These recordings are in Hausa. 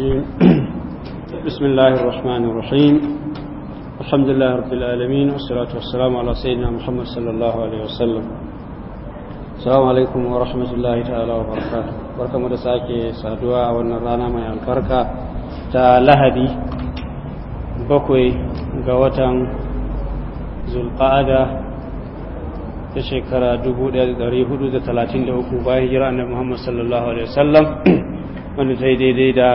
الرجيم بسم الله الرحمن الرحيم الحمد لله رب العالمين والصلاة والسلام على سيدنا محمد صلى الله عليه وسلم السلام عليكم ورحمة الله تعالى وبركاته بركم ودساكي سادوا ونرانا ما ينفركا تا لهدي بكوي قوة ذو القعدة ta shekara 1433 bayan jira annabi Muhammad sallallahu alaihi wasallam wanda ta yi daidai da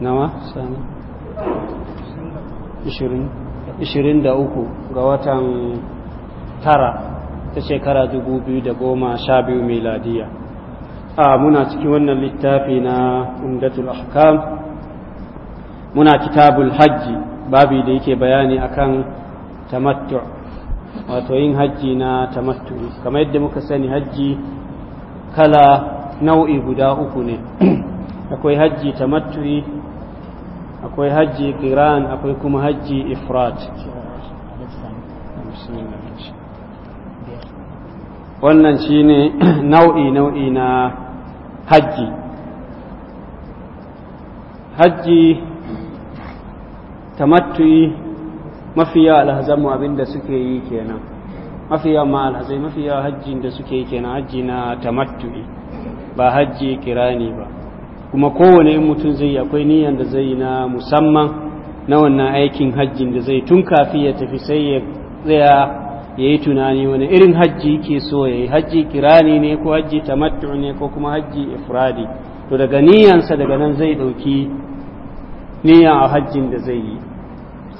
nawa da 23 ga watan tara ta shekara 2012 miladiya a muna cikin wannan littafi na ƙundatul ahkam muna kitabul hajji babi da yake bayani akan tamattu wato yin hajji na tamattu kamar yadda muka sani hajji kala nau'i guda uku ne akwai hajji tamattu akwai hajji kiran akwai kuma hajji ifrat wannan shine nau'i nau'i na hajji hajji tamattu'i mafiya alhazamu abinda suke yi kenan mafiya ma alhazai mafiya hajjin da suke yi kenan hajji na tamattu'i ba hajji kirani ba kuma kowane mutum zai akwai niyan da zai na musamman na wannan aikin hajjin da zai tun kafi ya tafi sai ya tsaya ya yi tunani wani irin hajji ke so ya yi hajji kirani ne ko hajji tamattu ne ko kuma hajji ifradi to daga niyansa daga nan zai ɗauki niyan a hajjin da zai yi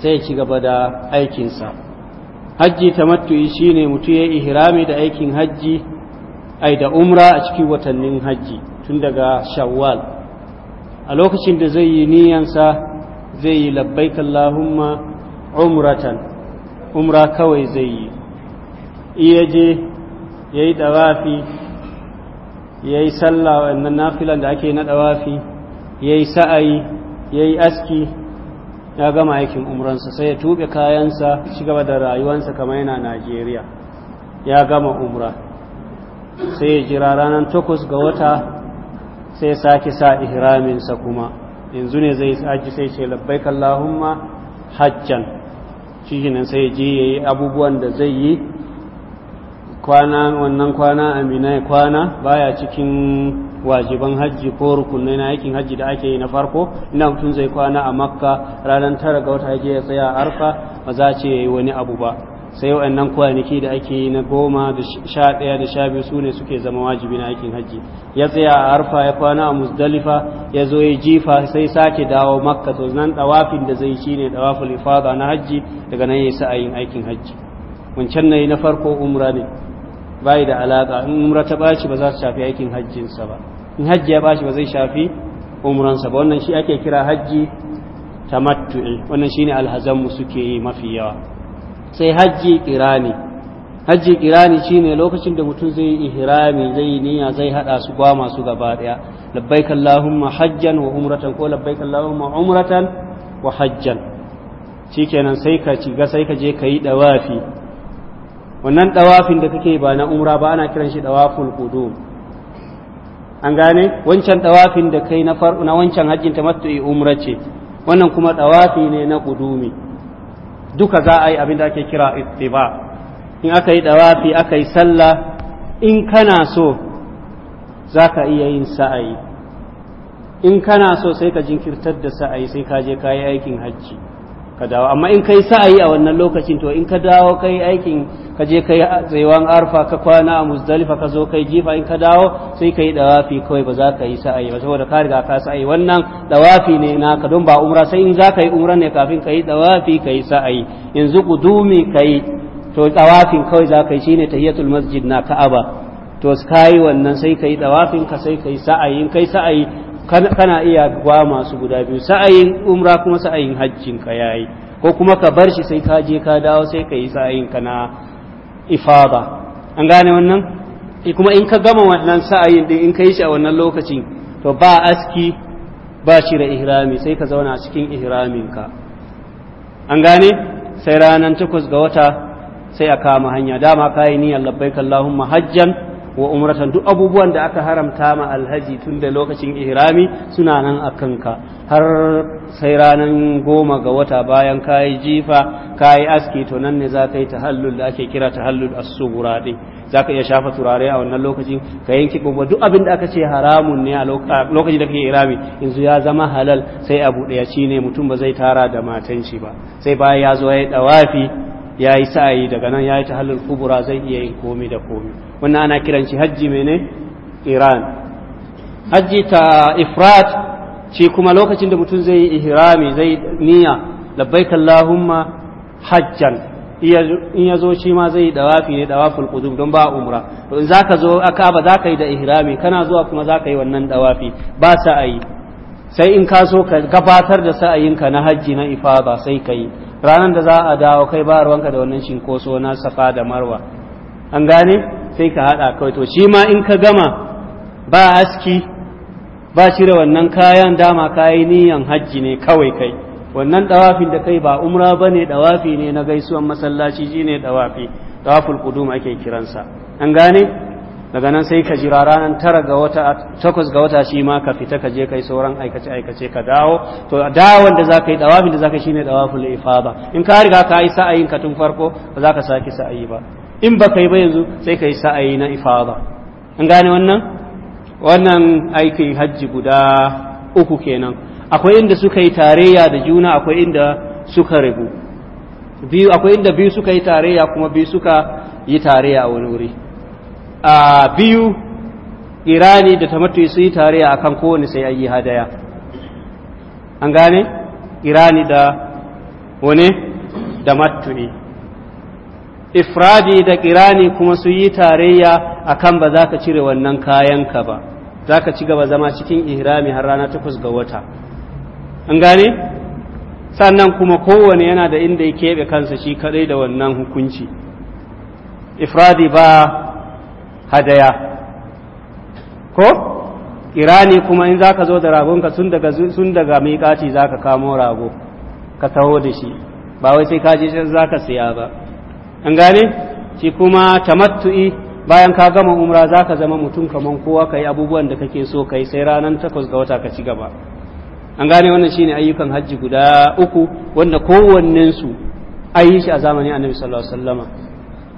sai ya ci gaba da aikinsa hajji tamattu shi ne mutum ya yi ihirami da aikin hajji ai da umra a cikin watannin hajji tun daga shawwal a lokacin da zai yi niyansa zai yi labbaik Allahumma umratan umra kawai zai yi iya je ya yi ɗawafi ya yi sallah nafilan da ake na ɗawafi ya yi sa'ayi ya yi aski ya gama aikin umransa sai ya tuɓe kayansa ci gaba da rayuwansa kamar yana najeriya ya gama umra sai ya jira ranar takwas ga wata sai sake sa ihraminsa kuma yanzu ne zai sake sai ce labbai kallahumma hajjan shi ne sai je ya yi abubuwan da zai yi kwana wannan kwana amina ya kwana baya cikin wajiban hajji ko rukunai na aikin hajji da ake yi na farko ina mutum zai kwana a makka ranar tara ga wata ake ya tsaya a arfa ba za ce ya yi wani abu ba sai wa'annan kwanaki da ake yi na goma da sha ɗaya da sha biyu su ne suke zama wajibi na aikin hajji ya tsaya a arfa ya kwana a musdalifa ya zo ya jifa sai sake dawo makka to nan ɗawafin da zai shi ne ɗawafin ifada na hajji daga nan ya sa yin aikin hajji wancan na yi na farko umra ne bai da alaƙa in umra ta ɓaci ba za ta shafi aikin hajjinsa ba in hajji ya ɓaci ba zai shafi umransa ba wannan shi ake kira hajji tamattu'i wannan shine alhazanmu suke yi mafi yawa sai hajji kirani hajji kirani shine lokacin da mutum zai yi ihrami zai yi niyya zai hada su gwa masu gaba daya labbaik allahumma hajjan wa umratan ko labbaik allahumma umratan wa hajjan shikenan sai ka ci ga sai ka je ka yi dawafi wannan dawafin da kake ba na umra ba ana kiran shi dawaful qudum an gane wancan dawafin da kai na na wancan hajjin tamattu'i umra ce wannan kuma dawafi ne na qudumi duka za a yi abin da ake kira ittiba in aka yi dawafi aka yi sallah in kana so za ka iya yin sa'ayi in kana so sai ka jinkirtar da sa'ayi sai ka je ka yi aikin hajji ka dawo amma in kai sa'ayi a wannan lokacin to in ka dawo kai aikin ka je kai tsayuwan arfa ka kwana a muzdalifa ka zo kai jifa in ka dawo sai ka yi dawafi kawai ba za ka yi sa'ayi ba saboda ka riga ka sa'ayi wannan dawafi ne na ka don ba umra sai in za ka yi umra ne kafin ka yi dawafi ka yi sa'ayi yanzu gudumi ka yi to dawafin kawai za ka yi shine tahiyatul masjid na ka'aba to ka yi wannan sai ka yi dawafin ka sai ka yi sa'ayi in kai sa'ayi kana iya kwa masu guda biyu sa'ayin umra kuma sa'ayin hajjin ka yayi ko kuma ka bar shi sai ka je ka dawo sai ka yi sa'ayin ka na ifada an gane wannan eh, kuma in ka gama wannan sa'ayin din in ka yi shi a wannan lokacin to ba aski ba shi da ihrami sai ka zauna cikin ihramin ka an gane sai ranar takwas ga wata sai a kama hanya dama ka yi niyyar labbaik Allahumma hajjan wa umratan duk abubuwan da aka haramta ma alhaji tun da lokacin ihrami suna nan a kanka har sai ranar goma ga wata bayan kayi jifa kayi aski to nan ne za ka yi tahallul da ake kira tahallul as-sugura din za ka iya shafa turare a wannan lokacin ka yanki babba duk abin da aka ce haramun ne a lokacin da kake ihrami yanzu ya zama halal sai abu ɗaya shine mutum ba zai tara da matan shi ba sai bayan ya zo ya yi dawafi ya yi sa'ayi daga nan ya yi ta halin kubura zai iya yin komi da komi wannan ana kiran shi hajji mene iran hajji ta ifrat ce kuma lokacin da mutum zai yi ihrami zai niyya labbaik kallahumma hajjan in ya zo shi ma zai dawafi ne dawaful qudum don ba umra to in zaka zo akaba zaka yi da ihrami kana zuwa kuma zaka yi wannan dawafi ba sa'ayi sai in ka so ka gabatar da sa'ayinka na hajji na ifada sai ka yi Ranan da za a dawo kai ba ruwanka da wannan shinkoso na safa da marwa an gane sai ka haɗa kawai to shi ma in ka gama ba aski ba cire wannan kayan dama kayi niyan hajji ne kawai kai wannan dawafin da kai ba umra ba ne dawafi ne na gaisuwan masallaci shine dawafi dawaful qudum ake kiransa an gane daga nan sai ka jira ranar tara ga wata takwas ga wata shi ma ka fita ka je kai sauran aikace aikace ka dawo to dawon da zaka yi dawafin da zaka shine dawaful ifada in ka riga ka yi sa'ayin ka tun farko ba za ka sa'ayi ba in ba kai ba yanzu sai ka yi sa'ayi na ifada an gane wannan wannan aikin hajji guda uku kenan akwai inda suka yi tarayya da juna akwai inda suka rabu biyu akwai inda biyu suka yi tarayya kuma biyu suka yi tarayya a wani wuri a biyu irani da tamattu su yi tarayya kan kowane sai ayi hadaya an gane irani da wani da ne. ifradi da Irani kuma su yi tarayya kan ba za ka cire wannan kayanka ba za ka ci gaba zama cikin ihrami har rana takwas ga wata an gane sannan kuma kowane yana da inda ya keɓe kansa shi kadai da wannan hukunci ifradi ba hadaya ko kirani kuma in zaka zo da ragon ka sun daga sun daga miƙaci zaka kamo rago ka taho da shi ba wai sai ka je can zaka siya ba an gane shi kuma tamattu'i bayan ka gama umra zaka zama mutum kaman kowa kai abubuwan da kake so kai sai ranar takwas ga wata ka ci gaba an gane wannan shine ayyukan hajji guda uku wanda kowannensu su ayi shi a zamanin annabi sallallahu alaihi wasallama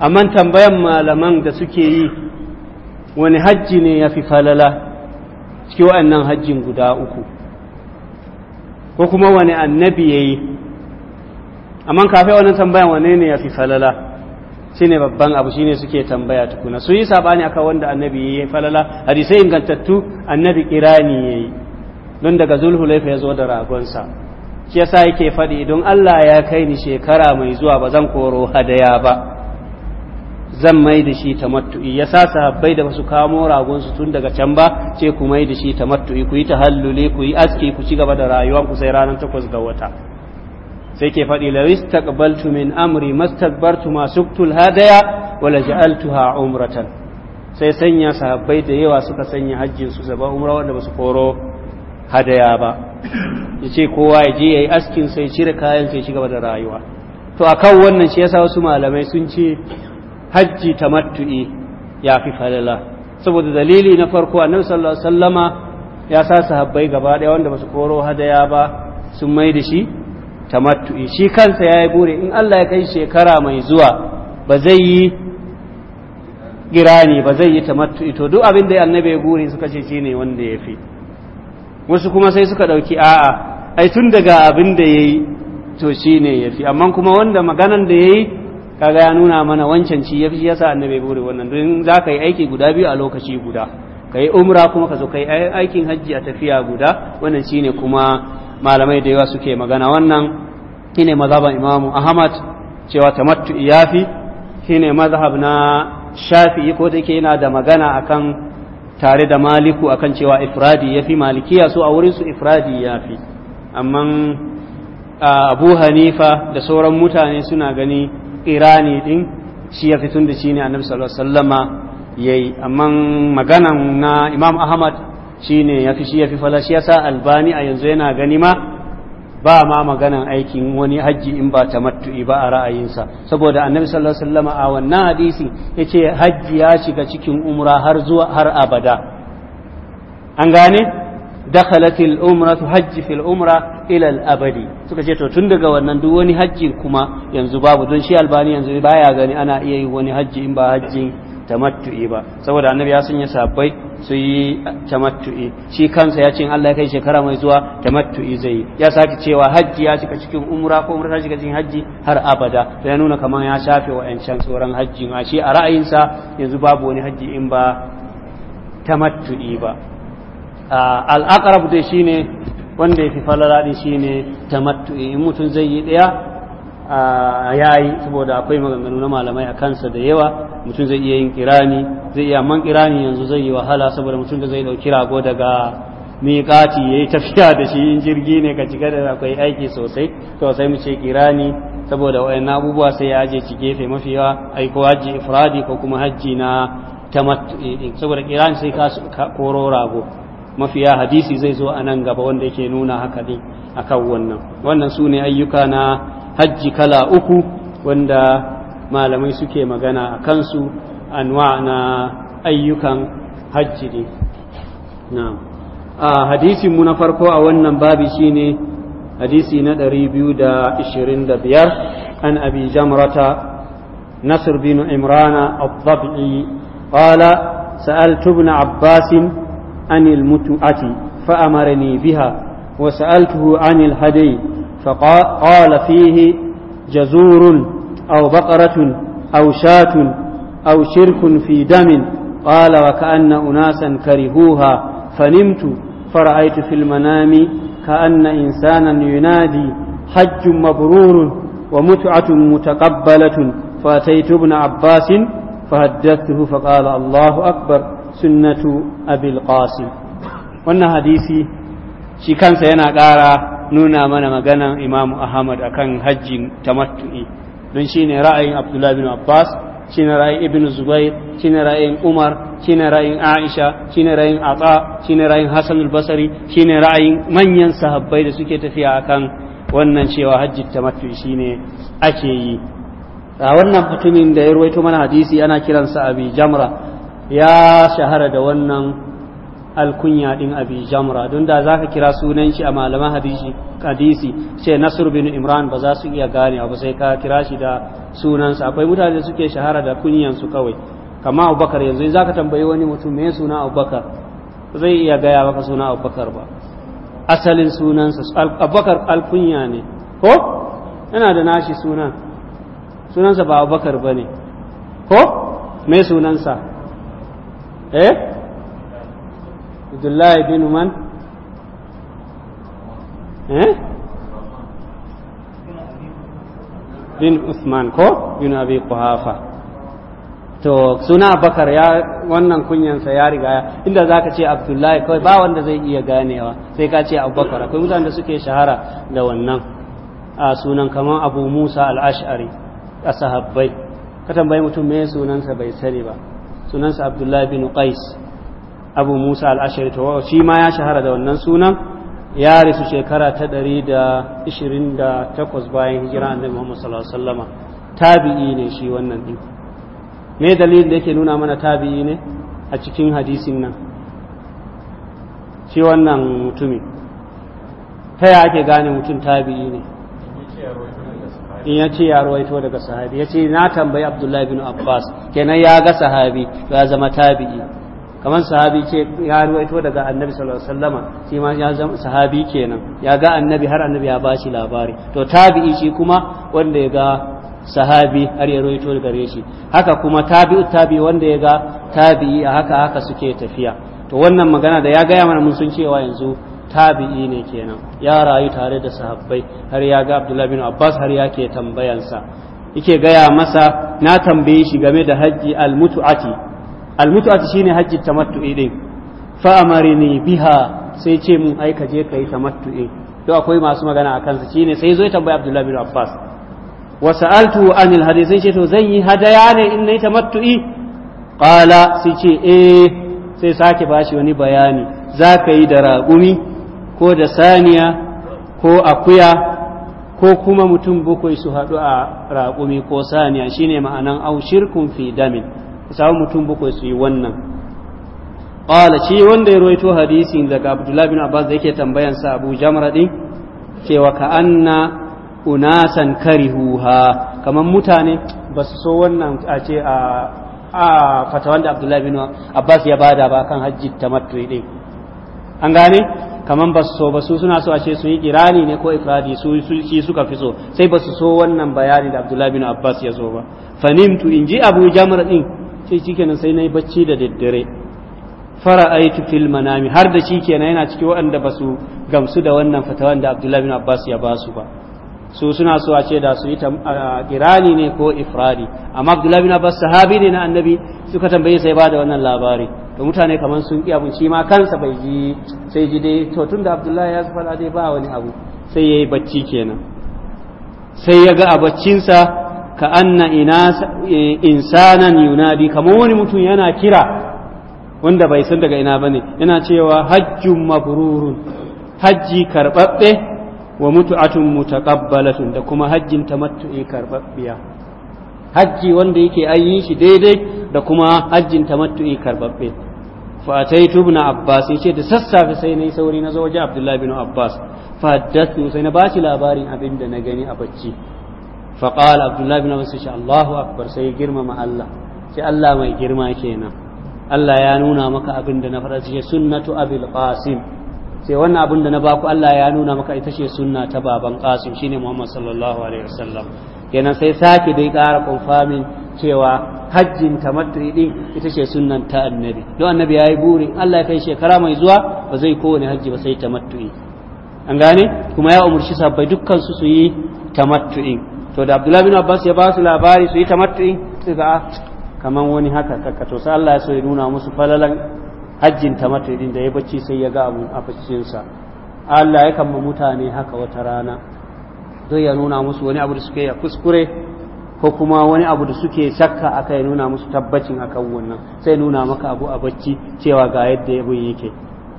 amma tambayan malaman da suke yi wani hajji ne ya fi falala cikin wa'annan hajjin guda uku ko kuma wani annabi ya yi amma kafin wannan tambayan wane ne ya fi falala shi ne babban abu shi ne suke tambaya tukuna su yi sabani akan wanda annabi ya yi falala hadisai ingantattu annabi kirani ya yi don daga zulhulaifa ya zo da ragonsa shi yasa yake faɗi don allah ya kai ni shekara mai zuwa ba zan koro hadaya ba zan mai da shi tamattu'i ya sa sahabbai da basu kamo ragonsu tun daga can ba ce ku mai da shi tamattu'i ku yi tahalluli ku yi aski ku ci gaba da rayuwa ku sai ranar takwas ga wata sai ke faɗi law istaqbaltu min amri mastakbartu ma suktul hadaya wa la ja'altuha umratan sai sanya sahabbai da yawa suka sanya hajjin su zaba umra wanda basu koro hadaya ba yace kowa ya je yayi askin sai cire kayan sai ci gaba da rayuwa to akan wannan shi yasa wasu malamai sun ce hajji tamattu'i ya fi falala saboda dalili na farko annabi sallallahu ya sa sahabbai gaba daya wanda basu koro hadaya ba sun mai da shi tamattu'i shi kansa ya yi bure in Allah ya kai shekara mai zuwa ba zai yi girani ba zai yi tamattu'i to duk abin da annabi ya gure suka ce shine wanda ya fi wasu kuma sai suka dauki a'a ai tun daga abin da ya yi to shine ya fi amma kuma wanda maganan da ya yi. kaga ya nuna mana wancan ci yafi yasa annabi buri wannan don za ka yi aiki guda biyu a lokaci guda ka yi umra kuma ka zo ka yi aikin hajji a tafiya guda wannan shine kuma malamai da yawa suke magana wannan ne mazhaban imamu ahmad cewa tamattu iyafi shine mazhab na shafi'i ko take yana da magana akan tare da maliku akan cewa ifradi yafi malikiya su a wurin su ifradi yafi amma abu hanifa da sauran mutane suna gani Irani din shi ya fitun da shi ne annabi sallallahu alaihi wasallama yayi amma maganan na imam ahmad shi ne ya fi shi ya fi fala shi yasa albani a yanzu yana gani ma ba ma maganan aikin wani hajji in ba ta tamattu'i ba a ra'ayinsa saboda annabi sallallahu alaihi wasallama a wannan hadisi yace hajji ya shiga cikin umra har zuwa har abada an gane dakhalatil umratu hajji fil umra ilal abadi suka ce to tun daga wannan duk wani hajji kuma yanzu babu don shi albani yanzu baya gani ana iya yi wani hajji in ba hajjin tamattu'i ba saboda annabi ya sanya sabbai su yi tamattu'i shi kansa ya ce in Allah ya kai shekara mai zuwa tamattu'i zai yi ya sake cewa hajji ya shiga cikin umra ko umra ta shiga cikin hajji har abada ya nuna kamar ya shafe wa'ancan sauran hajji ma shi a ra'ayinsa yanzu babu wani hajji in ba tamattu'i ba al'aqrab dai shine wanda ya fi falala shi ta tamattu'i in mutum zai yi ɗaya a yayi saboda akwai maganganu na malamai a kansa da yawa mutum zai iya yin kirani zai iya man kirani yanzu zai yi wahala saboda mutum da zai dauki rago daga miƙati ya yi tafiya da shi in jirgi ne ka cika da akwai aiki sosai to sai mu ce kirani saboda wayan abubuwa sai ya aje ci gefe mafi yawa aiko hajji ifradi ko kuma hajji na tamattu'i saboda kirani sai ka koro rago mafiya hadisi zai zo a nan gaba wanda yake nuna haka ne akan wannan wannan su ne ayyuka na hajji kala uku wanda malamai suke magana a kansu anwa na ayyukan hajji ne na'am a hadisin mu na farko a wannan babi shine hadisi na 225 an abi jamrata nasr bin imrana الضبعي قال سألت ابن عباس عن المتعة فأمرني بها وسألته عن الهدي فقال فيه جزور أو بقرة أو شاة أو شرك في دم قال وكأن أناسا كرهوها فنمت فرأيت في المنام كأن إنسانا ينادي حج مبرور ومتعة متقبلة فأتيت ابن عباس فهددته فقال الله أكبر sunnatu abil qasim wannan hadisi shi kansa yana ƙara nuna mana maganan imamu ahmad akan hajjin tamattu'i don ne ra'ayin abdullahi bin abbas ne ra'ayin ibn zubair ne ra'ayin umar ne ra'ayin aisha ne ra'ayin atsa shine ra'ayin hasan al-basri ne ra'ayin manyan sahabbai da suke tafiya akan wannan cewa hajji tamattu'i ne ake yi a wannan mutumin da ya ruwaito mana hadisi ana kiransa abi jamra ya shahara da wannan alkunya din abi jamra don da zaka kira sunan shi a malaman hadisi hadisi sai nasr bin imran ba za su iya gane ba sai ka kira shi da sunansa akwai mutane da suke shahara da kunyan su kawai kamar abubakar yanzu in zaka tambayi wani mutum me suna abubakar zai iya gaya maka suna abubakar ba asalin sunansa abubakar alkunya ne ko yana da nashi sunan sunansa ba abubakar ba ne ko me sunansa eh abdullahi bin من ايه بن عثمان ko bin ابي قحافه to suna bakar ya wannan kunyansa ya riga inda za ka ce abdullahi kawai ba wanda zai iya ganewa sai ka ce abubakar akwai mutanen da suke shahara da wannan a sunan kamar abu musa al'ashari a sahabbai ka tambayi mutum me sunansa bai sani ba sunansa abdullahi bin qais abu musa al'ashari to shi ma ya shahara da wannan sunan ya rasu shekara ta 128 bayan hijira annabi muhammad sallallahu alaihi wasallama tabi'i ne shi wannan din me dalilin da yake nuna mana tabi'i ne a cikin hadisin nan shi wannan mutumin ta ya ake gane mutum tabi'i ne in ya ce ya rawaito daga sahabi ya ce na tambayi abdullahi bin abbas kenan ya ga sahabi ya zama tabi'i kamar sahabi ce ya rawaito daga annabi sallallahu alaihi wasallama shi ma ya zama sahabi kenan ya ga annabi har annabi ya ba shi labari to tabi'i shi kuma wanda ya ga sahabi har ya rawaito daga shi haka kuma tabi'u tabi wanda ya ga tabi'i haka haka suke tafiya to wannan magana da ya gaya mana mun sun cewa yanzu tabi'i ne kenan ya rayu tare da sahabbai har ya ga abdullahi bin abbas har ya ke tambayansa yake gaya masa na tambaye shi game da hajji almutu'ati almutu'ati shine hajji tamattu'i din fa amarini biha sai ce mun aika je kai tamattu'i to akwai masu magana a kansa shine sai zo ya tambaya abdullahi bin abbas wa sa'altu anil hadith sai ce to zan yi hadaya ne in nayi tamattu'i qala sai ce eh sai sake bashi wani bayani za ka yi da raƙumi ko da saniya ko akuya ko kuma mutum bakwai su haɗu a raƙumi ko saniya shine ma'anan au shirkun fi damin samu mutum bakwai su yi wannan ƙwala shi wanda ya roito hadisin daga abdullahi bin abbas da yake tambayan sa abu jamra din cewa ka anna unasan karihuha kamar mutane ba su so wannan a ce a a fatawan da abdullahi bin abbas ya bada ba kan hajji tamattu din an gane kaman ba su so ba su suna so ashe su yi kirani ne ko ifradi su sulki suka fi so sai ba su so wannan bayani da Abdullahi bin Abbas ya zo ba fanimtu inji Abu Jamr din sai shikenan sai nayi bacci da daddare fara'aitu fil manami har da shikenan yana ciki waɗanda ba su gamsu da wannan fatawan da Abdullahi bin Abbas ya ba su ba su suna so a ce da su yi kirani ne ko ifradi amma Abdullahi bin Abbas sahabi ne na annabi suka tambaye sai ba da wannan labari da mutane kamar sun ki shi ma kansa bai ji sai ji dai to tun da abdullahi ya faɗa dai ba wani abu sai ya yi bacci kenan sai ya ga a baccinsa ka anna insanan yunadi kamar wani mutum yana kira wanda bai san daga ina bane yana cewa hajjun mabrurun hajji karbabbe wa mutu'atun mutaqabbalatun da kuma hajjin tamattu'i karbabbiya hajji wanda yake an shi daidai da kuma hajjin tamattu'i karɓaɓɓe. فأتيت ابن عباس يشي da sassafe sai yi sauri na zo waje Abdullah ibn Abbas faddathu sai na bashi labarin abin da na gani a bacci fa qala Abdullah Abbas insha Allahu akbar sai girmama Allah sai Allah mai girma kenan Allah ya nuna maka abin da na faɗa shi sunnatu Abil Qasim sai wannan abin da na baku Allah ya nuna maka ita ce sunna ta baban Qasim shine Muhammad kenan sai sake dai kara confirming cewa hajjin tamattu'i din ita ce sunnan ta annabi don annabi yi burin Allah ya kai shekara mai zuwa ba zai kowane hajji ba sai tamattu'i an gane kuma ya umurci sabbai dukkan su su yi tamattu'i to da abdullahi bin Abbas ya ba su labari su yi tamattu'i sai ga ah, kaman wani haka kakka to sai Allah ya so ya nuna musu falalan hajjin tamattu'i din da ya bacci sai ya ga abun a sa Allah ya kama mutane haka wata rana don ya nuna musu wani abu da suke ya kuskure ko kuma wani abu da suke shakka aka ya nuna musu tabbacin akan wannan sai nuna maka abu a bacci cewa ga yadda abin yake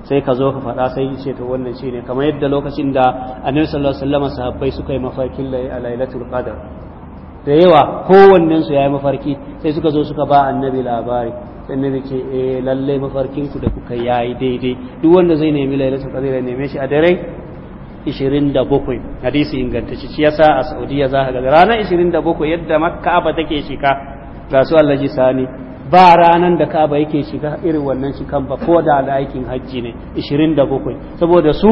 sai ka zo ka faɗa sai ce to wannan shi ne kamar yadda lokacin da annabi sallallahu alaihi wasallam sahabbai suka yi mafarkin a lailatul qadar da yawa kowannen su yayi mafarki sai suka zo suka ba annabi labari annabi ce eh lalle mafarkin ku da kuka yayi daidai duk wanda zai nemi lailatul qadar ya neme shi a dare 27 hadisi ingantacce shi yasa a Saudiya za ka ga ranar 27 yadda Ka'aba take shiga ga su Allah sani ba ranan da Ka'aba yake shiga irin wannan shikan ba ko da aikin hajji ne 27 saboda su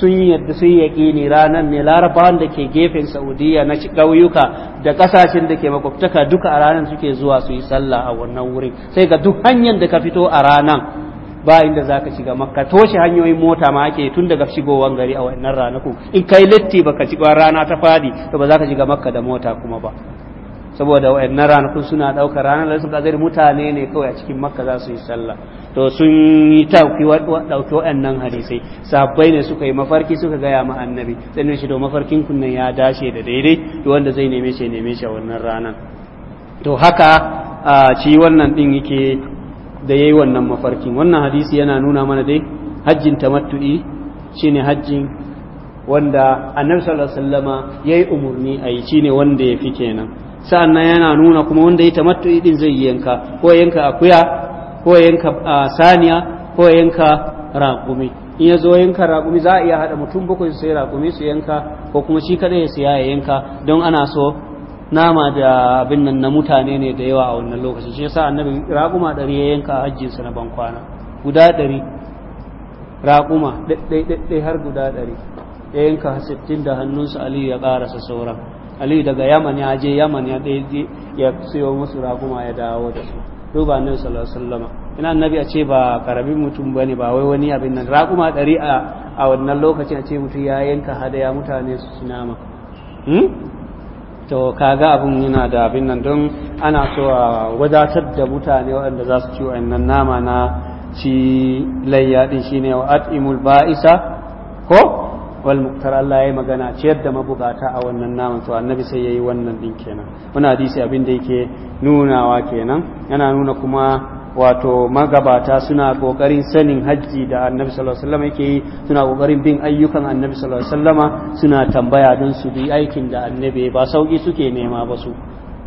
sun yadda sun ne ranar ne larabawan da ke gefen saudiya na ƙauyuka da ƙasashen da ke makwabtaka duka a ranar suke zuwa su yi sallah a wannan wurin sai ga duk hanyar da ka fito a ranar ba inda za ka shiga makka toshe hanyoyin mota ma ake tun daga shigowar gari a wannan ranaku in kai latti ba ka shiga rana ta fadi to ba za ka shiga makka da mota kuma ba saboda wannan ranaku suna ɗaukar ranar da suka zai mutane ne kawai a cikin maka za su yi sallah to sun yi tauki ɗauki waɗannan hadisai sabbai ne suka yi mafarki suka gaya ma annabi sai ne shi da mafarkin kunnen ya dace da daidai wanda zai neme shi neme shi a wannan ranar to haka ci wannan ɗin yake da ya yi wannan mafarkin wannan hadisi yana nuna mana dai hajjin tamattu'i shine hajjin wanda annabi sallallahu alaihi wasallama yayi umurni ayi shine wanda yafi kenan nan yana nuna kuma wanda ya tamattu'i din zai yanka ko yanka akuya ko yanka saniya ko yanka raƙumi in ya zo yanka raƙumi za a iya haɗa mutum bakwai su sai raƙumi su yanka ko kuma shi kaɗai ya siya ya yanka don ana so nama da abin nan na mutane ne da yawa a wannan lokacin shi yasa annabi raƙuma ɗari ya yanka hajjinsa na bankwana guda ɗari raƙuma ɗaiɗaiɗai har guda ɗari ya yanka sittin da hannunsa aliyu ya ƙarasa sauran aliyu daga yaman ya je yaman ya ɗaiɗe ya siyo musu raƙuma ya dawo da su duba annabi sallallahu alaihi wasallam ina annabi a ce ba karabin mutum ba ne ba wai wani abin nan raƙuma ɗari a wannan lokacin a ce mutum ya yanka hadaya mutane su nama hmm? to kaga abun yana da abin nan don ana so a wadatar da mutane waɗanda za su ci nan nama na ci layya shi shine wa at'imul ba'isa ko wal muktar Allah yi magana ciyar da mabugata a wannan naman to annabi sai yi wannan din kenan wani hadisi abin da yake nunawa kenan yana nuna kuma wato magabata suna kokarin sanin hajji da annabi sallallahu alaihi wasallam yake yi suna kokarin bin ayyukan annabi sallallahu alaihi wasallama suna tambaya don su bi aikin da annabi ba sauki suke nema ba su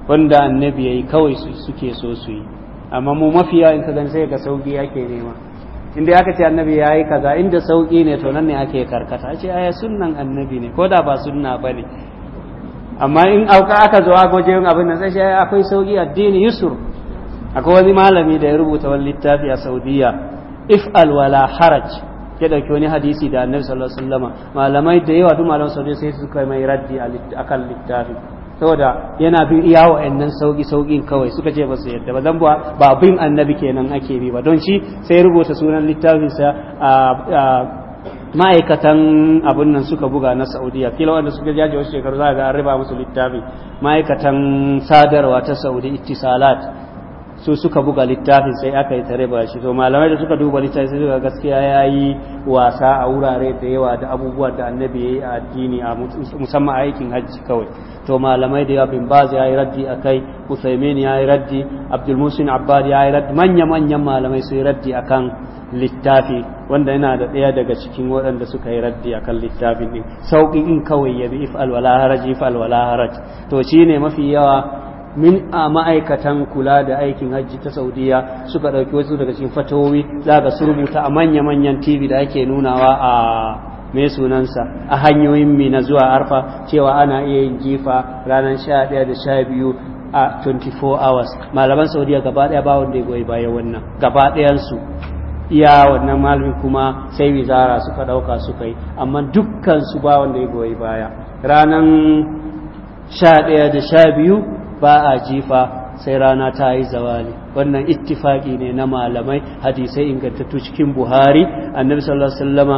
wanda annabi yayi kawai suke so su yi amma mu mafiya in ka gan sai ka sauki ake nema inda aka ce annabi yayi kaza inda sauki ne to nan ne ake karkata ce aya sunnan annabi ne ko da ba sunna bane amma in auka aka zo a goje abin nan sai akwai sauki addini yusur akwai wani malami da ya rubuta wani littafi a saudiya if alwala haraj ya dauki wani hadisi da annabi sallallahu alaihi wasallam malamai da yawa duk malaman saudiya sai suka mai raddi a kan littafi saboda yana bin iya wa'annan sauki saukin kawai suka ce ba su yadda ba dan ba bin annabi kenan ake bi ba don shi sai rubuta sunan littafinsa a ma'aikatan abin nan suka buga na saudiya kila wanda suka jaje wasu shekaru za ga an riba musu littafi ma'aikatan sadarwa ta saudi ittisalat su suka buga littafin sai aka yi tare ba shi to malamai da suka duba littafin sai suka gaskiya yayi wasa a wurare da yawa da abubuwa da annabi ya yi a addini a musamman aikin hajji kawai to malamai da yawa bin baz yi raddi a akai usaimin yi raddi abdul musin abbad yi raddi manya manyan malamai su yi raddi a kan littafi wanda yana da ɗaya daga cikin waɗanda suka yi raddi a kan littafin ɗin sauƙi in kawai ya bi if alwala haraji if alwala haraj to shi ne mafi yawa min a ma'aikatan kula da aikin hajji ta saudiya suka ɗauki wasu daga cikin fatowi za ga su rubuta a manya-manyan tv da ake nunawa a mai sunansa a hanyoyin mi na zuwa arfa cewa ana iya yin jifa ranar 11 da sha biyu a 24 hours malaman saudiya gaba ɗaya ba wanda ya goyi baya wannan gaba ɗayansu iya wannan malamin kuma sai wizara suka ɗauka suka yi amma dukkan su ba wanda ya goyi baya ranar 11 da sha biyu ba a jifa sai rana ta yi zawali wannan ittifaki ne na malamai hadisai ingantattu cikin buhari annabi sallallahu alaihi wasallama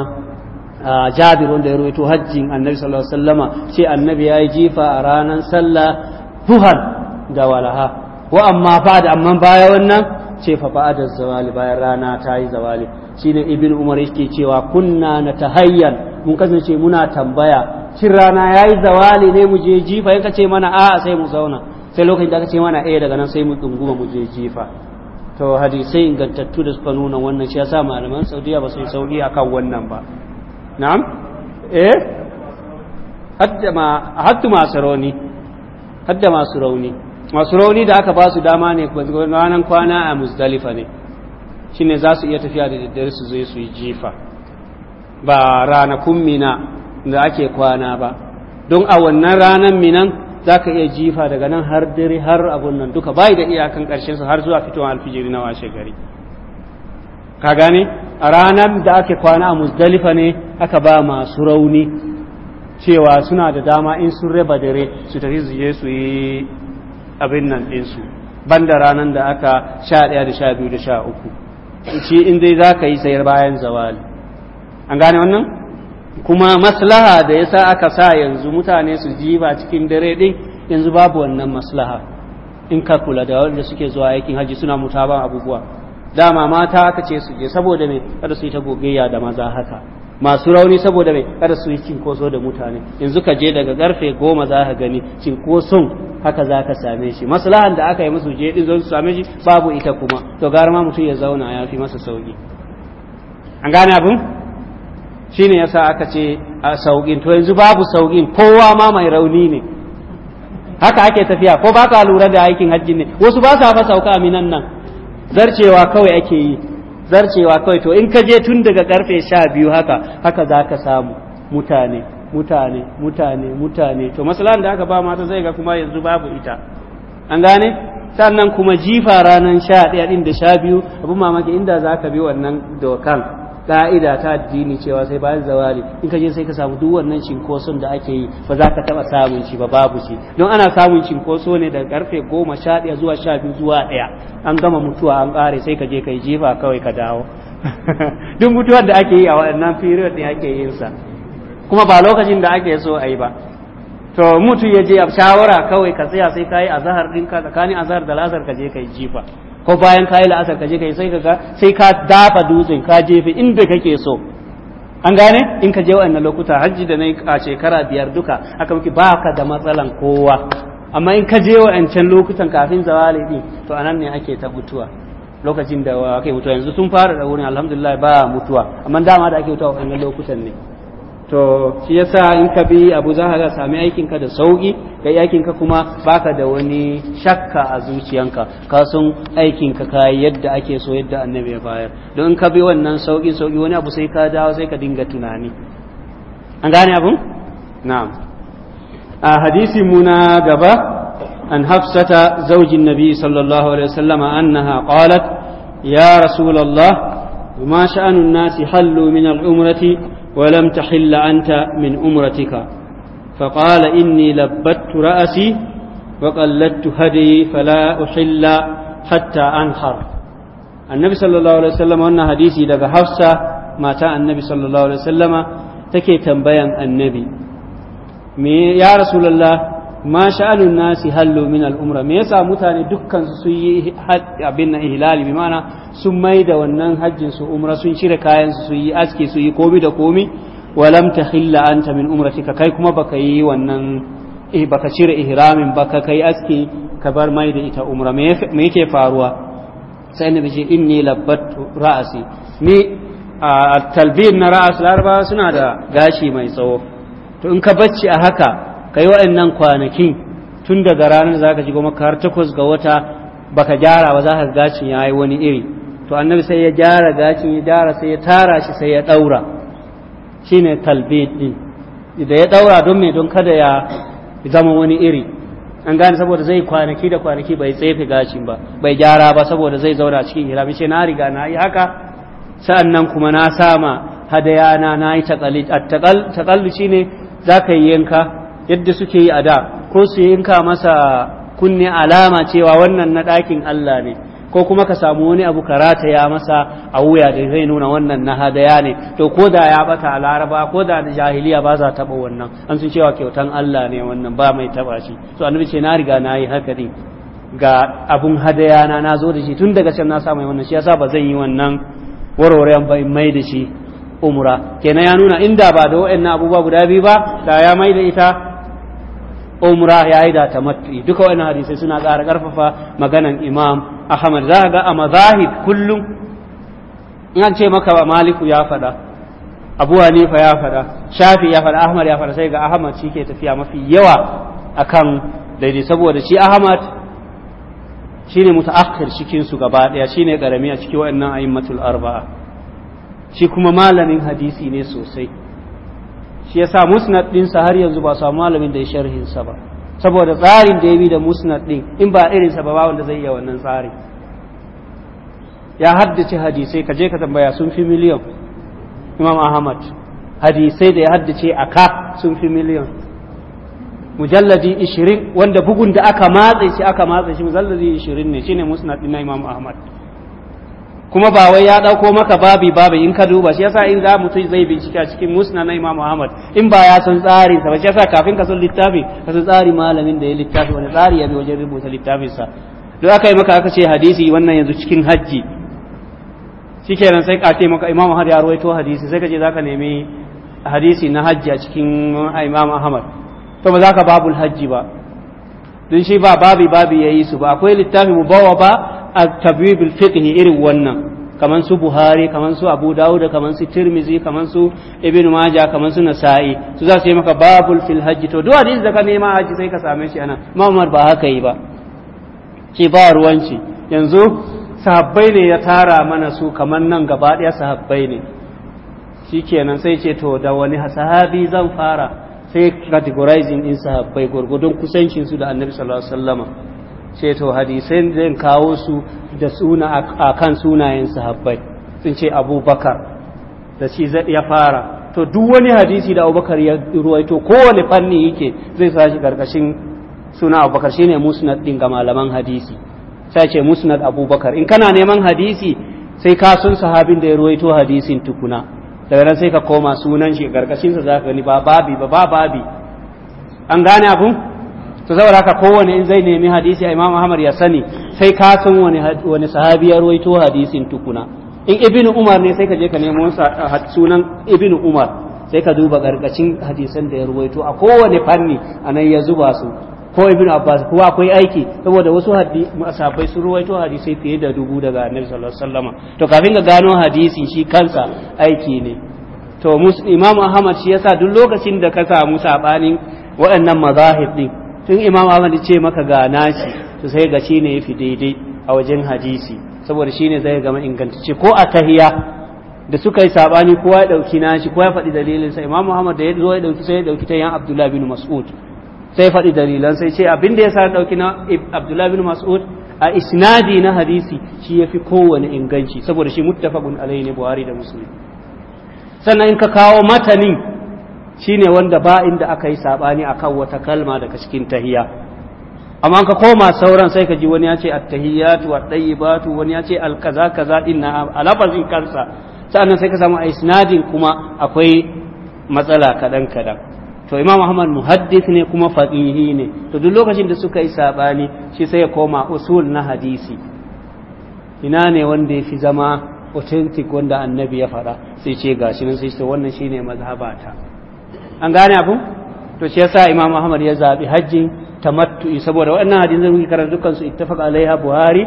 jabir wanda ya ruwaito hajjin annabi sallallahu alaihi wasallama ce annabi yayi jifa a ranan sallah duhan da walaha wa amma fa amma baya wannan ce fa ba zawali bayan rana ta yi zawali shine ibnu umar yake cewa kunna na mun kasance muna tambaya shin rana yayi zawali ne mu je jifa yanka ce mana a'a sai mu zauna sai lokacin da aka ce mana ɗaya daga nan sai mu dunguma mu je jifa to hadisai ingantattu da suka nuna wannan shi yasa malaman saudiya ba su sauki akan wannan ba na'am eh hadda ma hadda masu rauni hadda masu rauni masu rauni da aka ba su dama ne ranar kwana a musdalifa ne shine za su iya tafiya da daddare su zai su yi jifa ba ranakun mina da ake kwana ba don a wannan ranar minan za ka iya jifa daga nan har dare har abun nan duka bai da iyakan ƙarshen su har zuwa fitowar alfijiri na washe gari ka gane a ranar da ake kwana a musdalifa ne aka ba masu rauni cewa suna da dama in sun raba dare su tafi su je su yi abin nan ɗinsu da ranar da aka sha ɗaya da sha biyu da sha uku shi in dai za ka yi sayar bayan zawali an gane wannan kuma maslaha da ya sa aka sa yanzu mutane su ji ba cikin dare ɗin, yanzu babu wannan maslaha in ka kula da wanda suke zuwa aikin hajji suna mutaban abubuwa dama mata aka ce su je saboda me kada su yi ta gogayya da maza haka masu rauni saboda me kada su yi cinkoso da mutane yanzu ka je daga karfe goma za ka gani cinkoson haka za ka same shi maslahan da aka yi musu je din su same shi babu ita kuma to gara ma mutum ya zauna ya fi masa sauki an gane abin ya sa aka ce a saukin to yanzu babu saukin kowa ma mai rauni ne haka ake tafiya ko ba ka lura da aikin hajji ne wasu ba sa fa sauka minan nan zarcewa kawai ake yi zarcewa kawai to in ka je tun daga karfe sha biyu haka haka za ka samu mutane mutane mutane mutane to masalan da aka ba mata zai ga kuma yanzu babu ita an gane sannan kuma jifa ranar sha ɗaya ɗin da sha biyu abin mamaki inda za ka bi wannan dokan ka'ida ta addini cewa sai bayan zawali in ka je sai ka samu duk wannan cinkoson da ake yi ba za ka taba samun shi ba babu shi don ana samun cinkoso ne da karfe goma sha ɗaya zuwa sha biyu zuwa ɗaya an gama mutuwa an ƙare sai ka je ka yi jefa kawai ka dawo duk mutuwar da ake yi a waɗannan period ne ake yin sa kuma ba lokacin da ake so a yi ba to mutu ya je a shawara kawai ka tsaya sai ka yi azahar ɗinka tsakanin azahar da lazar ka je ka yi jifa ko bayan ka yi la'asar ka je ka yi sai ka sai ka dafa dutsen ka jefe inda kake so an gane in ka je wa'annan lokuta hajji da na a shekara biyar duka aka miki ba ka da matsalan kowa amma in ka je wa'ancan lokutan kafin zawali din to anan ne ake ta mutuwa lokacin da kai mutuwa yanzu sun fara da wurin alhamdulillah ba mutuwa amma dama da ake mutuwa wa'annan lokutan ne to shi yasa in ka bi abu za ka sami aikinka da sauƙi ga aikinka kuma baka da wani shakka a zuciyanka ka san aikinka ka yadda ake so yadda annabi ya bayar don in ka bi wannan sauƙi sauƙi wani abu sai ka dawo sai ka dinga tunani an gane abun na'am a hadisi mu na gaba an hafsata zaujin nabi sallallahu alaihi wasallama annaha qalat ya rasulullah ma sha'anun nasi hallu min al-umrati ولم تحل أنت من أمرتك فقال إني لبت رأسي وقلدت هدي فلا أحل حتى أنحر النبي صلى الله عليه وسلم وأن حديثي لك حفصة ما تاء النبي صلى الله عليه وسلم تكي تنبيا النبي يا رسول الله ma sha'anun nasi hallu min al'umra me yasa mutane dukkan su sun yi abin nan ihlali bi mana sun mai da wannan hajjin su umra sun cire kayan su yi aski su yi komi da komi walam tahilla anta min umratika kai kuma baka yi wannan eh baka cire ihramin baka kai aski ka bar mai da ita umra me yake faruwa sai annabi ce inni labbattu ra'asi ni a talbir na ra'as larba suna da gashi mai tsawo to in ka bacci a haka kai wa'annan kwanaki tun daga ranar za ka shigo maka har takwas ga wata baka gyara ba za ka gashin ya yi wani iri to annabi sai ya gyara gashin ya gyara sai ya tara shi sai ya daura shine talbid din da ya daura don me don kada ya zama wani iri an gane saboda zai kwanaki da kwanaki bai tsefe gashin ba bai gyara ba saboda zai zauna cikin hirami ce na riga na yi haka sa'an nan kuma na sama hadaya na na yi taƙallu shi ne za ka yi yanka yadda suke yi a da ko su ka masa kunne alama cewa wannan na ɗakin Allah ne ko kuma ka samu wani abu karata ya masa a wuya da zai nuna wannan na hadaya ne to ko da ya bata a laraba ko da jahiliya ba za taɓa wannan an sun cewa kyautan Allah ne wannan ba mai taɓa shi to annabi ce na riga na yi haka din ga abun hadaya na na zo da shi tun daga can na sa mai wannan shi yasa ba zan yi wannan warwaren ba in mai da shi umra kenan ya nuna inda ba da wa'annan abubuwa guda biyu ba da ya mai da ita umra yi da tamattu'i duka wannan hadisai suna ƙara ƙarfafa maganan imam ahmad za ga a mazahib kullum in an ce maka ba maliku ya faɗa abu hanifa ya faɗa shafi ya faɗa ahmad ya faɗa sai ga ahmad shi ke tafiya mafi yawa akan daidai saboda shi ahmad shine mutaakhir cikin su gaba daya shine karami a cikin wa'annan a'immatul arba'a shi kuma malamin hadisi ne sosai shi yasa musnad ɗin sa har yanzu ba samu malamin da ya sharhin sa ba saboda tsarin da ya bi da musnad ɗin in ba irin sa ba ba wanda zai iya wannan tsari ya haddace hadisai ka je ka tambaya sun fi miliyan imam ahmad hadisai da ya haddace a ka sun fi miliyan mujalladi 20 wanda bugun da aka matse shi aka matse shi mujalladi 20 ne shine musnad ɗin na imam ahmad kuma ba wai ya ɗauko maka babi babi in ka duba shi yasa in za mutum zai a cikin musna na Imam Ahmad in ba ya san tsarin sa ba shi yasa kafin ka san littafi ka san tsari malamin da ya littafi wani tsari ya bi wajen rubuta littafin sa don aka yi maka aka ce hadisi wannan yanzu cikin hajji shikenan sai ka ce maka Imam Ahmad ya rawaito hadisi sai ka je zaka nemi hadisi na hajji a cikin Imam Ahmad to ba za ka babul hajji ba don shi ba babi babi ya yi su ba akwai littafi mubawwa ba at-tabib fiqhi irin wannan kaman su buhari kaman su abu dawud kaman tirmizi kaman su ibn majah kaman su nasa'i su za yi maka babul fil to duk hadisi da ka nema haji sai ka same shi anan mamar ba haka yi ba ce ba ruwanci yanzu sahabbai ne ya tara mana su kaman nan gaba ɗaya sahabbai ne kenan sai ce to da wani sahabi zan fara sai categorizing din sahabbai gurgudun kusancin su da annabi sallallahu ce to hadisai zan kawo su da suna a kan sunayen sahabbai sun ce abubakar da shi ya fara to duk wani hadisi da abubakar ya ruwaito kowane fanni yake zai sa shi karkashin suna abubakar shine musnad din ga malaman hadisi sai ce musnad abubakar in kana neman hadisi sai ka sun sahabin da ya ruwaito hadisin tukuna daga nan sai ka koma sunan shi karkashin sa zaka gani ba babi ba ba babi an gane abun to saboda haka kowane in zai nemi hadisi a Imam Ahmad ya sani sai ka san wani wani sahabi ya rawaito hadisin tukuna in Ibn Umar ne sai ka je ka nemo sunan Ibn Umar sai ka duba gargacin hadisan da ya rawaito a kowane fanni anan ya zuba su ko Ibn Abbas kuwa akwai aiki saboda wasu sahabbai sun rawaito hadisai fiye da dubu daga Annabi sallallahu alaihi wasallam to kafin ka gano hadisin shi kansa aiki ne to Imam Ahmad shi yasa duk lokacin da ka samu sabanin waɗannan mazahib din tun imam ahmad ce maka ga nashi to sai ga ne yafi daidai a wajen hadisi saboda shine zai gama ingantacce ko a tahiya da suka yi sabani kowa ya dauki nashi kowa ya faɗi dalilin sa imam muhammad da ya zo ya dauki sai ya dauki ta yan abdullah bin mas'ud sai ya faɗi dalilan sai ce abin da ya sa dauki na abdullah bin mas'ud a isnadi na hadisi shi yafi kowane inganci saboda shi muttafaqun alaihi ne buhari da muslim sannan in ka kawo matanin shine wanda ba inda aka yi sabani kan wata kalma daga cikin tahiya amma ka koma sauran sai ka ji wani ya ce attahiyatu wat-tayyibatu wani ya ce alkaza kaza kaza na kansa sa'annan sai ka samu a isnadin kuma akwai matsala kadan kadan to imam ahmad muhaddis ne kuma faqihi ne to duk lokacin da suka yi saɓani shi sai ya koma usul na hadisi ina ne wanda ya fi zama authentic wanda annabi ya faɗa sai ce gashi nan sai ce wannan shine mazhabata an gane abu to shi yasa imam ahmad ya zabi hajji tamattu'i saboda waɗannan zan muke karanta dukkan su ittifaq alaiha buhari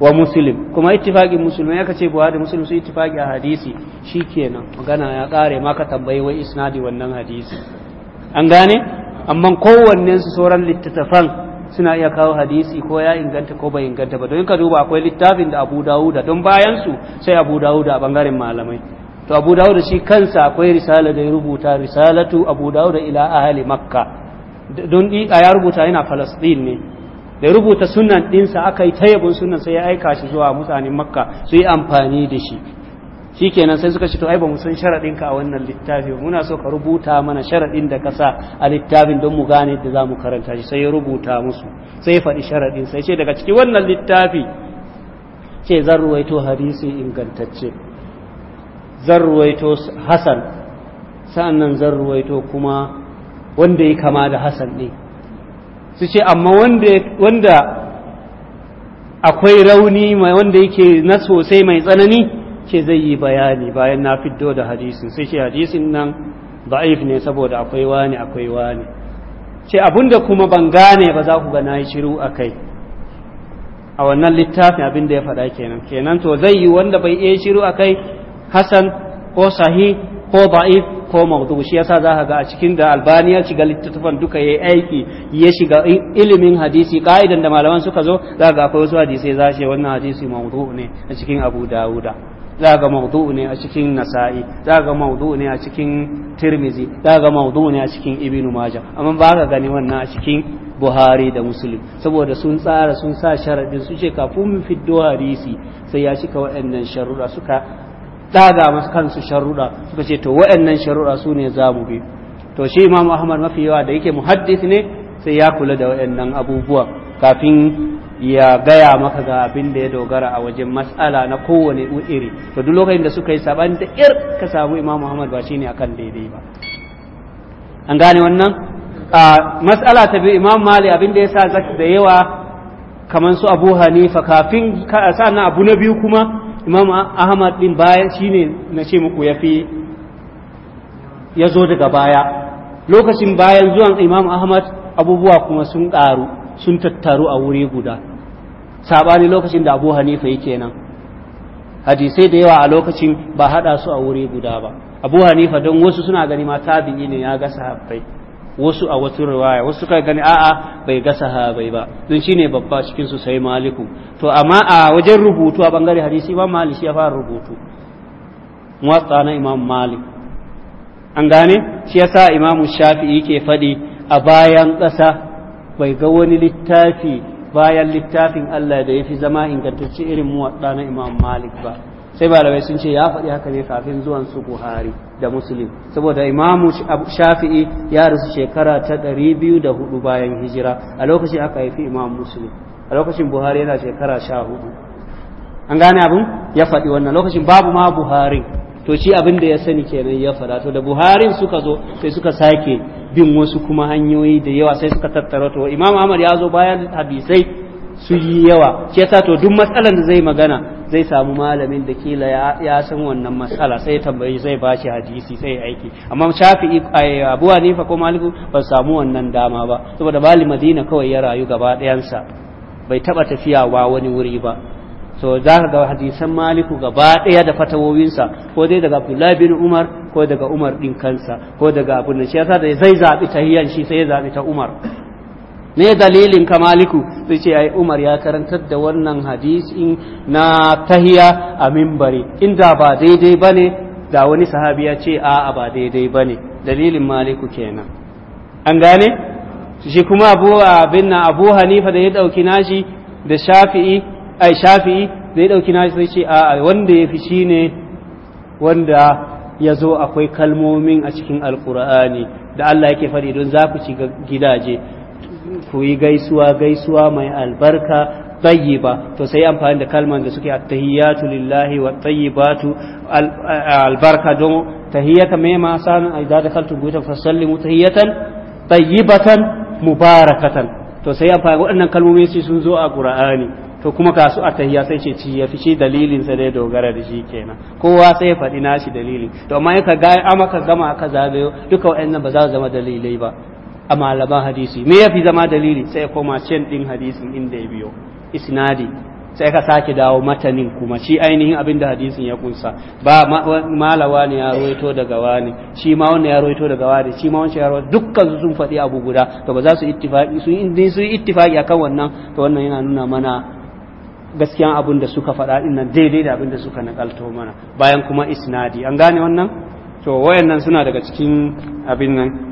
wa muslim kuma ittifaqin musulmai aka ce buhari muslim su ittifaqi a hadisi shikenan magana ya kare ma ka tambayi wai isnadi wannan hadisi an gane amma kowanne su sauran littattafan suna iya kawo hadisi ko ya inganta ko bai inganta ba don ka duba akwai littafin da abu dawuda don bayan su sai abu dawuda a bangaren malamai to abu dawud shi kansa akwai risala da ya rubuta risalatu abu dawud ila ahli makka don dika ya rubuta yana falastin ne da rubuta sunan dinsa aka yi tayabun sunan sai ya aika shi zuwa mutanen makka su yi amfani da shi shikenan sai suka ce to ai ba mu ka a wannan littafi muna so ka rubuta mana sharaɗin da kasa a littafin don mu gane da zamu karanta shi sai ya rubuta musu sai ya faɗi sharadin sai ce daga ciki wannan littafi ce zan ruwaito hadisi ingantacce zan ruwaito hasan nan zan ruwaito kuma wanda ya kama da hasan ne su ce amma wanda akwai rauni wanda yake na sosai mai tsanani ce zai yi bayani bayan na fiddo da hadisin sai ce hadisin nan da'if ne saboda akwai wani akwai wani ce abinda kuma ban gane ba za ku ga na yi shiru a kai a wannan littafin abinda ya faɗa kenan kenan to zai yi wanda bai iya shiru a kai hasan ko sahi ko ba'if ko mawdu shi yasa za ka ga a cikin da albani shiga littattafan duka yi aiki ya shiga ilimin hadisi ka'idan da malaman suka zo za ga akwai wasu hadisai za shi wannan hadisi mawdu ne a cikin abu dawuda za ga mawdu ne a cikin nasa'i za ga mawdu ne a cikin tirmizi za ga mawdu ne a cikin ibnu maja amma ba ka gani wannan a cikin buhari da muslim saboda sun tsara sun sa sharadin su ce kafin mu fiddo hadisi sai ya cika waɗannan sharura suka ɗaga masu kansu sharuɗa suka ce to waɗannan sharuɗa su ne za mu bi to shi imam ahmad mafi yawa da yake muhaddis ne sai ya kula da waɗannan abubuwa kafin ya gaya maka ga abin da ya dogara a wajen mas'ala na kowane iri to duk lokacin da suka yi saban da ir ka samu imamu muhammad ba shine akan daidai ba an gane wannan a mas'ala ta bi imam mali abin da ya sa zaki da yawa kamar su abu hanifa kafin sa'annan abu na biyu kuma imam ahmad din bayan shine na ce muku yafi ya zo daga baya lokacin bayan zuwan imam ahmad abubuwa kuma sun ƙaru sun tattaru a wuri guda saɓani lokacin da abu hanifa yake nan hadisai da yawa a lokacin ba haɗa su a wuri guda ba abu hanifa don wasu suna gani ma tabi'i ne ya ga sahabbai wasu a wata riwaya wasu kai gani a'a bai ga sahabai ba don shine babba cikin su sai maliku to amma a wajen rubutu a bangare hadisi imam malik shi ya fara rubutu muwatta na imam malik an gane shi yasa imam shafi'i ke faɗi a bayan ƙasa bai ga wani littafi bayan littafin Allah da ya fi zama ingantacce irin muwatta na imam malik ba sai malamai sun ce ya faɗi haka ne kafin zuwan su buhari da musulun saboda imamu shafi'i ya rasu shekara ta ɗari biyu da 204 bayan hijira a lokacin aka haifi imam musulun a lokacin buhari yana shekara 14 an gane abin ya faɗi wannan lokacin babu ma buhari to shi abin da ya sani kenan ya faɗa to da buhari suka zo sai suka sake bin wasu kuma hanyoyi da yawa sai suka tattara to imam ahmad ya zo bayan hadisai su yi yawa shi yasa to duk matsalar da zai magana zai samu malamin da kila ya san wannan matsala sai tambayi zai ba shi hadisi sai aiki amma shafi'i abu nifa ko maliku ba samu wannan dama ba saboda bali madina kawai ya rayu gaba ɗayansa bai taɓa tafiya wa wani wuri ba so za ka ga hadisan maliku gaba ɗaya da fatawowinsa ko dai daga abdullahi bin umar ko daga umar ɗin kansa ko daga abu da shi yasa da zai zaɓi tahiyan shi sai ya zaɓi ta umar me dalilin ka maliku sai ce ai umar ya karantar da wannan hadisi na tahiya a mimbari inda ba daidai bane da wani sahabi ya ce a'a ba daidai bane dalilin maliku kenan an gane shi kuma abu abin na abu hanifa da ya dauki nashi da shafi'i ai shafi'i da ya dauki nashi sai ce a'a wanda ya fi shine wanda ya zo akwai kalmomin a cikin alkur'ani da Allah yake faɗi don za ku ci gidaje ku yi gaisuwa gaisuwa mai albarka tayyiba to sai amfani da kalman da suke attahiyatu lillahi wa tayyibatu albarka don tahiyata mai ma san da kaltu dakaltu fa sallimu tahiyatan tayyibatan mubarakatan to sai amfani waɗannan kalmomi su sun zo a qur'ani to kuma ka su attahiyya sai ce ci ya fice dalilin sa dai dogara da shi kenan kowa sai ya faɗi nashi dalili to amma in ka ga amaka gama aka zagayo duka waɗannan ba za su zama dalilai ba a malaman hadisi me yafi zama dalili sai koma cin din hadisin inda ya biyo isnadi sai ka sake dawo matanin kuma shi ainihin abin da hadisin ya kunsa ba malawa ne ya roito daga wani shi ma wannan ya roito daga wani shi ma wancan ya roito dukkan su sun faɗi abu guda to ba za su ittifaki su in su ittifaki akan wannan to wannan yana nuna mana gaskiyan abin da suka faɗa din nan daidai da abin da suka nakalto mana bayan kuma isnadi an gane wannan to wayannan suna daga cikin abin nan